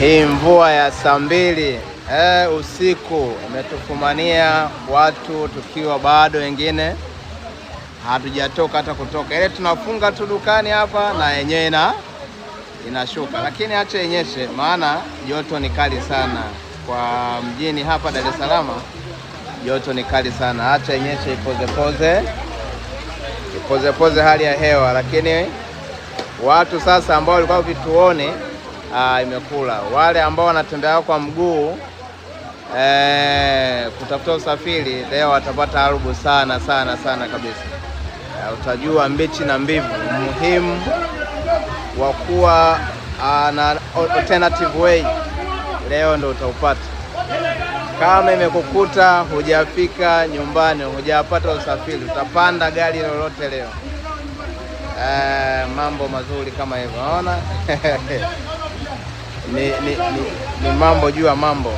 hii mvua ya saa mbili eh, usiku imetufumania watu tukiwa bado wengine hatujatoka hata kutoka, ile tunafunga tu dukani hapa na yenyewe na inashuka, lakini acha yenyeshe, maana joto ni kali sana kwa mjini hapa Dar es Salaam, joto ni kali sana. Acha yenyeshe, ipozepoze ipozepoze hali ya hewa, lakini watu sasa ambao walikuwa vituoni uh, imekula. Wale ambao wanatembea kwa mguu eh, kutafuta usafiri leo watapata arubu sana sana sana kabisa. Uh, utajua mbichi na mbivu, muhimu wa kuwa uh, na alternative way leo ndo utaupata. Kama imekukuta hujafika nyumbani, hujapata usafiri, utapanda gari lolote leo. Uh, mambo mazuri kama hivyo, naona ni, ni, ni, ni mambo juu ya mambo.